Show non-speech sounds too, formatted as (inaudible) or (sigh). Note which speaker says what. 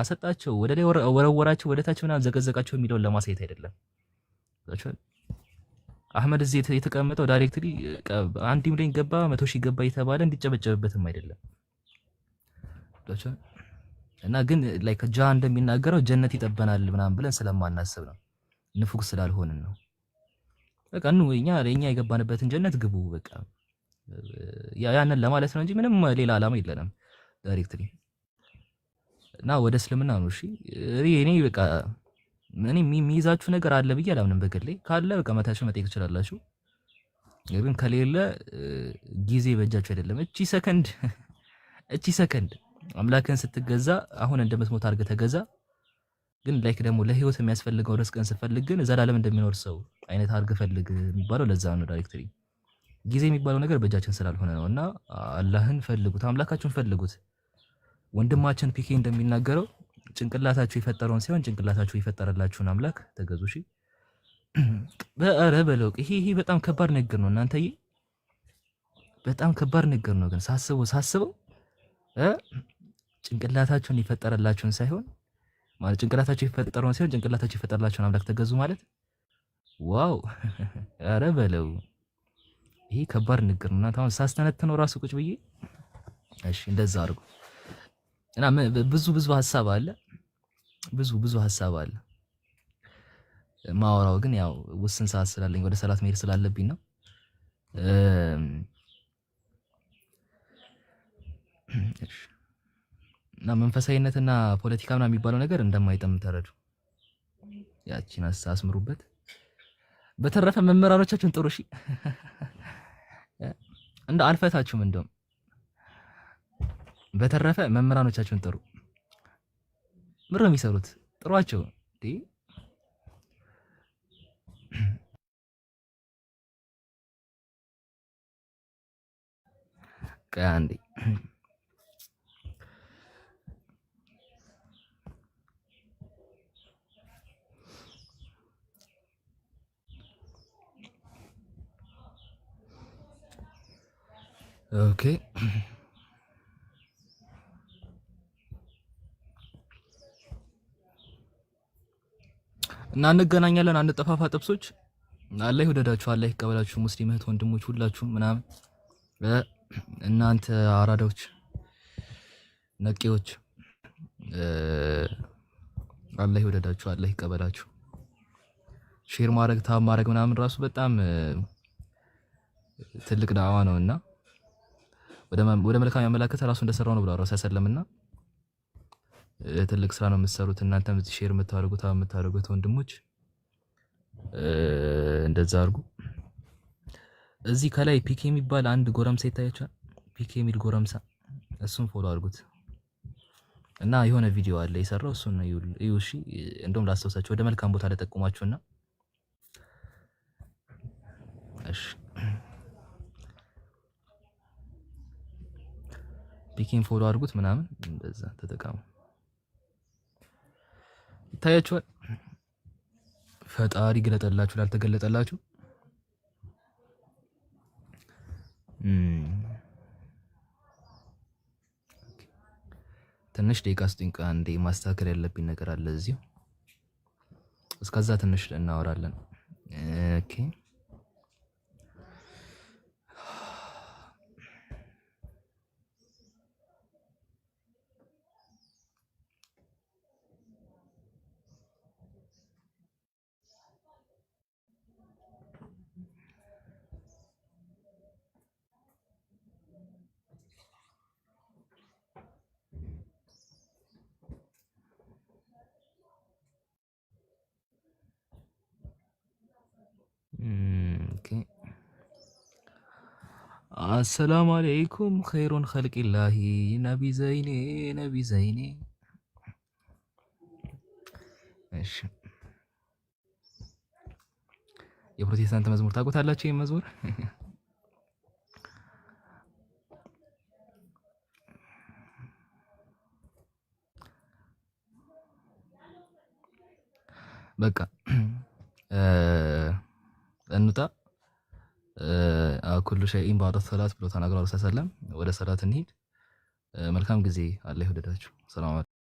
Speaker 1: አሰጣቸው፣ ወደ ላይ ወረወራቸው፣ ወደ ታች ምናምን ዘቀዘቃቸው የሚለውን ለማሳየት አይደለም። አህመድ እዚህ የተቀመጠው ዳይሬክትሊ አንድ ሚሊዮን ገባ መቶ ሺህ ገባ እየተባለ እንዲጨበጨብበትም አይደለም እና ግን ላይክ ጃ እንደሚናገረው ጀነት ይጠበናል ምናምን ብለን ስለማናስብ ነው። ንፉግ ስላልሆንን ነው። በቃ ኑ እኛ እኛ የገባንበትን ጀነት ግቡ በቃ ያንን ለማለት ነው እንጂ ምንም ሌላ ዓላማ የለንም ዳይሬክትሊ እና ወደ እስልምና ነው። እሺ እኔ በቃ እኔ የሚይዛችሁ ነገር አለ ብዬ አላምንም። በግሌ ካለ በቃ መታችሁ መጠየቅ ትችላላችሁ። ግን ከሌለ ጊዜ በእጃችሁ አይደለም። እቺ ሰከንድ እቺ ሰከንድ አምላክን ስትገዛ አሁን እንደምትሞት አድርገህ ተገዛ። ግን ላይክ ደግሞ ለህይወት የሚያስፈልገው ርስቅን ስፈልግ ግን ዘላለም እንደሚኖር ሰው አይነት አድርገህ ፈልግ የሚባለው ለዛ ነው። ዳይሬክትሊ ጊዜ የሚባለው ነገር በእጃችን ስላልሆነ ነው። እና አላህን ፈልጉት፣ አምላካችሁን ፈልጉት። ወንድማችን ፒኬ እንደሚናገረው ጭንቅላታችሁ የፈጠረውን ሳይሆን ጭንቅላታችሁ የፈጠረላችሁን አምላክ ተገዙ። እሺ በአረ በለው ይሄ ይሄ በጣም ከባድ ነገር ነው እናንተዬ፣ በጣም ከባድ ነገር ነው። ግን ሳስበው ሳስበው ጭንቅላታችሁን የፈጠረላችሁን ሳይሆን ማለት ጭንቅላታችሁ የፈጠረውን ሳይሆን ጭንቅላታችሁ የፈጠረላችሁን አምላክ ተገዙ ማለት ዋው! አረ በለው ይሄ ከባድ ንግር ነው። እናንተ አሁን ሳስተነትነው ራሱ ቁጭ ብዬ እሺ እንደዛ አድርጉ። እና ብዙ ብዙ ሀሳብ አለ ብዙ ብዙ ሀሳብ አለ። ማወራው ግን ያው ውስን ሰዓት ስላለኝ ወደ ሰላት መሄድ ስላለብኝ ነው። እና መንፈሳዊነትና ፖለቲካ ምናምን የሚባለው ነገር እንደማይጠም ተረዱ። ያቺን አስምሩበት። በተረፈ መምህራኖቻችሁን ጥሩ እሺ። እንደ አልፈታችሁም እንደውም በተረፈ መምህራኖቻችሁን ጥሩ። ምር ነው የሚሰሩት፣ ጥሯቸው። አንዴ ኦኬ እና እንገናኛለን። አንጠፋፋ ጥብሶች። አላህ ይወደዳችሁ፣ አላህ ይቀበላችሁ። ሙስሊም እህት ወንድሞች ሁላችሁ ምናምን እናንተ አራዳዎች፣ ነቄዎች አላህ ይወደዳችሁ፣ አላህ ይቀበላችሁ። ሼር ማድረግ ታብ ማድረግ ምናምን ራሱ በጣም ትልቅ ዳዕዋ ነውና ወደ መልካም ያመላከተ ራሱ እንደሰራው ነው ብለው ራሱ ያሰለምና ትልቅ ስራ ነው የምትሰሩት እናንተ ሼር የምታደርጉት የምታደርጉት ወንድሞች እንደዛ አድርጉ። እዚህ ከላይ ፒኬ የሚባል አንድ ጎረምሳ ይታያቸዋል። ፒኬ የሚል ጎረምሳ እሱን ፎሎ አድርጉት እና የሆነ ቪዲዮ አለ የሰራው እሱን እዩ። እሺ እንደውም ላስታውሳችሁ ወደ መልካም ቦታ ለጠቁማችሁና እሺ ፒኬን ፎሎ አድርጉት ምናምን እንደዛ ተጠቀሙ። ታያችኋል። ፈጣሪ ግለጠላችሁ ላልተገለጠላችሁ ትንሽ ደቂቃ ስጡኝ። አንዴ ማስተካከል ያለብኝ ነገር አለ እዚሁ። እስከዛ ትንሽ እናወራለን። ኦኬ السلام عليكم خير خلق الله نبي زيني نبي زيني مزمور تاكو تعالى ታውቁታላችሁ? مزمور (laughs) بقى ااا (clears throat) أه... ኩሉ ሸይኢን ባዶ ሰላት ብሎ ተናግሯል። ሰለም ወደ ሰላት እንሂድ። መልካም ጊዜ አለ ይወደዳችሁ ሰላም